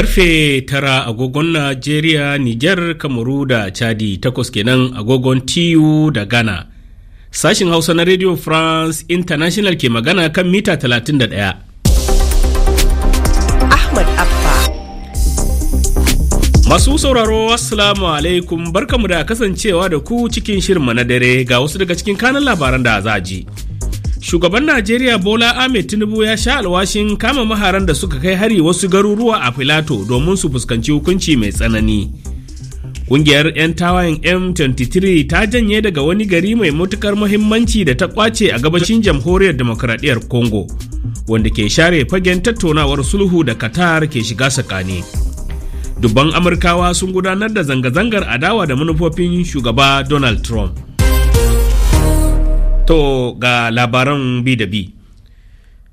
Karfe tara agogon Najeriya, Nijar, Kamaru da Chadi takwas kenan agogon tiyu da Ghana. Sashen Hausa na Radio France International ke magana kan mita 31. Ahmad Abba. Masu sauraro Assalamu alaikum barkamu da kasancewa da ku cikin shirin na dare ga wasu daga cikin kanan labaran da za ji. shugaban najeriya bola ahmed tinubu ya sha alwashin kama maharan da suka kai hari wasu garuruwa a filato domin su fuskanci hukunci mai tsanani Kungiyar 'yan tawayen M23 ta janye daga wani gari mai matukar muhimmanci da ta kwace a gabashin jamhuriyar demokradiyyar Congo, wanda ke share fagen tattaunawar sulhu da Qatar ke shiga sakani. Dubban Amurkawa sun gudanar da zanga-zangar adawa da manufofin shugaba Donald Trump. To ga labaran bi da bi.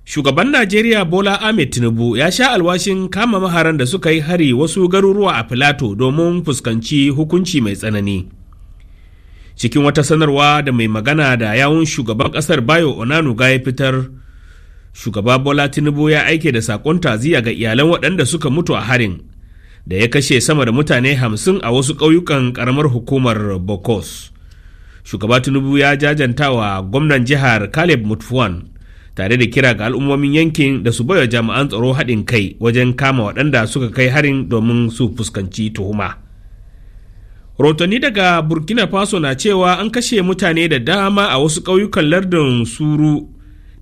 Shugaban Najeriya Bola Ahmed Tinubu ya sha alwashin kama maharan da suka yi hari wasu garuruwa a Filato domin fuskanci hukunci mai tsanani. Cikin wata sanarwa da mai magana da yawun shugaban ƙasar Bayo Onanuga ya fitar, shugaba Bola Tinubu ya aike da saƙon taziya ga iyalan waɗanda suka mutu a harin, da ya kashe sama da mutane hamsin a wasu ƙauyukan ƙaramar hukumar Bokos. shugaba tinubu ya jajanta wa gwamnan jihar caleb mutfuan tare da kira ga al'ummomin yankin da su baiwa jami'an tsaro haɗin kai wajen kama waɗanda suka kai harin domin su fuskanci tuhuma rotoni daga burkina faso na cewa an kashe mutane da dama a wasu ƙauyukan lardin suru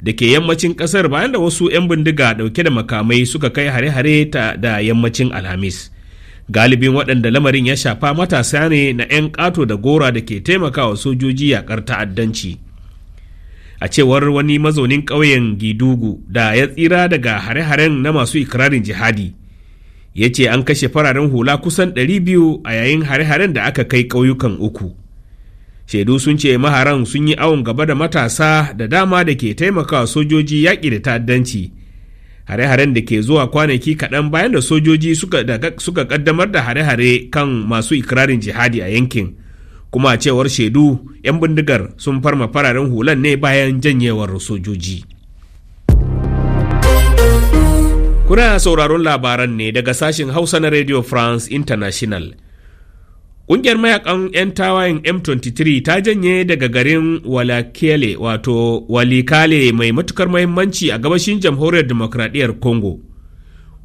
da ke yammacin ƙasar bayan da wasu 'yan bindiga ɗauke da makamai suka kai hare-hare da yammacin alhamis galibin waɗanda lamarin ya shafa matasa ne na 'yan ƙato da gora da ke taimakawa sojoji yaƙar ta'addanci a cewar wani mazaunin ƙauyen gidugu da ya tsira daga hare-haren na masu ikirarin jihadi ya ce an kashe fararen hula kusan 200 a yayin hare-haren da aka kai ƙauyukan uku shaidu sun ce maharan sun yi awon gaba da matasa da dama da ke taimakawa sojoji yaƙi da ta'addanci hare-haren da ke zuwa kwanaki kaɗan bayan da sojoji suka kaddamar da hare-hare kan masu ikirarin jihadi a yankin kuma cewar shaidu 'yan bindigar sun farma fararen hulan ne bayan janyewar sojoji kuna sauraron labaran ne daga sashen hausa na radio france international Ƙungiyar mayakan 'yan tawayen M23 ta janye daga garin Walakele wato Walikale mai matukar mahimmanci a gabashin jamhuriyar demokradiyyar Congo.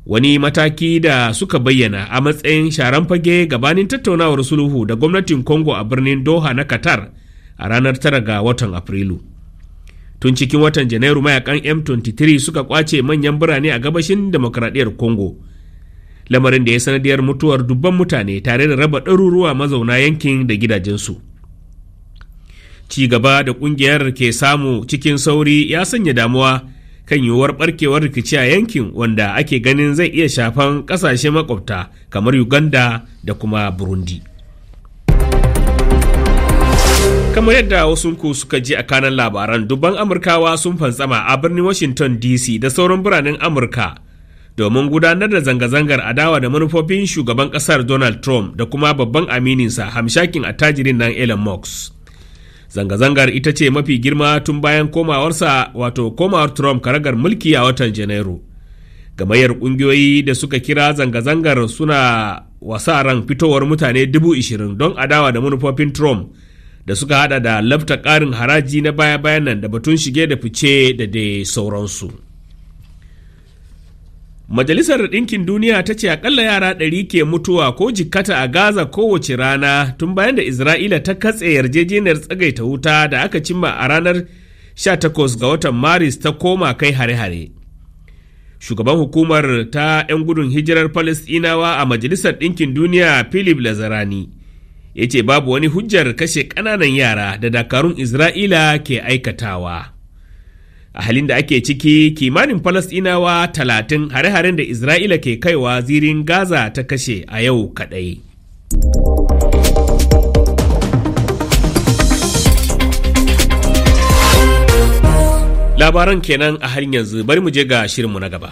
Wani mataki da suka bayyana a matsayin sharan fage gabanin tattaunawar sulhu da gwamnatin Congo a birnin Doha na Qatar a ranar tara ga watan Afrilu. Tun cikin watan Janairu mayakan M23 suka kwace manyan birane a gabashin demokradiyyar Congo. lamarin da ya sanadiyar mutuwar dubban mutane tare da raba ɗaruruwa mazauna yankin da gidajensu ci gaba da ƙungiyar ke samu cikin sauri ya sanya damuwa kan yiwuwar barkewar rikici a yankin wanda ake ganin zai iya shafan ƙasashe makwabta kamar uganda da kuma burundi kamar yadda wasu wasunku suka ji a kanan labaran dubban amurkawa sun fantsama a birnin washington dc da sauran biranen amurka domin gudanar da zanga-zangar adawa da manufofin shugaban kasar Donald Trump da kuma babban amininsa hamshakin attajirin nan Elon Musk. Zanga-zangar ita ce mafi girma tun bayan komawarsa wato komawar Trump karagar mulki a watan Janairu. Gamayyar kungiyoyi da suka kira zanga-zangar suna wasa ran fitowar mutane dubu ishirin don adawa da manufofin Trump da suka hada da lafta ƙarin haraji na baya-bayan nan da batun shige da fice da dai sauransu. Majalisar Ɗinkin Duniya ta ce akalla yara ɗari ke mutuwa ko jikkata a Gaza kowace rana tun bayan da Isra'ila ta katse yarjejeniyar tsagaita wuta da aka cimma a ranar 18 ga watan Maris ta koma kai hare-hare. Shugaban hukumar ta 'yan gudun hijirar Falasɗinawa a Majalisar Ɗinkin Duniya Philip Lazarani ya ce babu wani hujjar kashe ƙananan yara da dakarun Isra'ila ke aikatawa. a halin da ake ciki kimanin falasɗinawa talatin hare-haren da isra'ila ke kaiwa zirin gaza ta kashe a yau kaɗai labaran kenan a har yanzu bari mu je ga shirinmu na gaba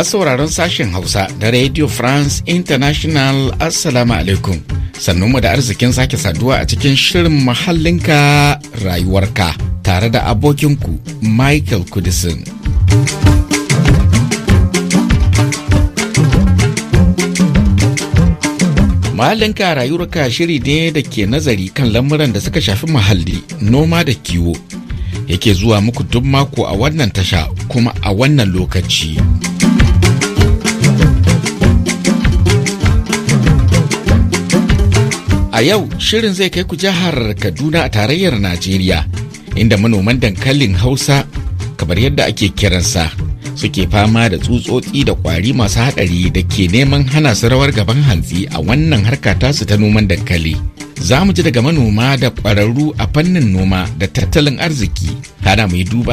Masu sauraron sashen Hausa da Radio France International Assalamu alaikum. Sannunmu da arzikin sake saduwa a cikin shirin muhallinka rayuwarka tare da abokinku Michael Kudisin. Muhallinka rayuwarka shiri ne da ke nazari kan lamuran da suka shafi muhalli, noma da kiwo. Yake zuwa muku duk mako a wannan tasha kuma a wannan lokaci. A yau shirin zai kai ku jihar Kaduna a tarayyar Najeriya inda manoman dankalin Hausa kamar yadda ake kiransa suke fama da tsutsotsi da kwari masu haɗari da ke neman hana su rawar gaban hantsi a wannan harka tasu ta noman dankali. Za mu ji daga manoma da ƙwararru a fannin noma da tattalin arziki, hana mai yi duba